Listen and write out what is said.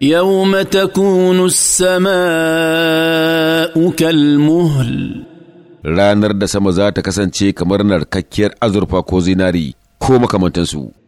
يوم تكون السماء كالمهل ranar da sama za ta kasance kamar narkakkiyar azurfa ko zinari ko makamantansu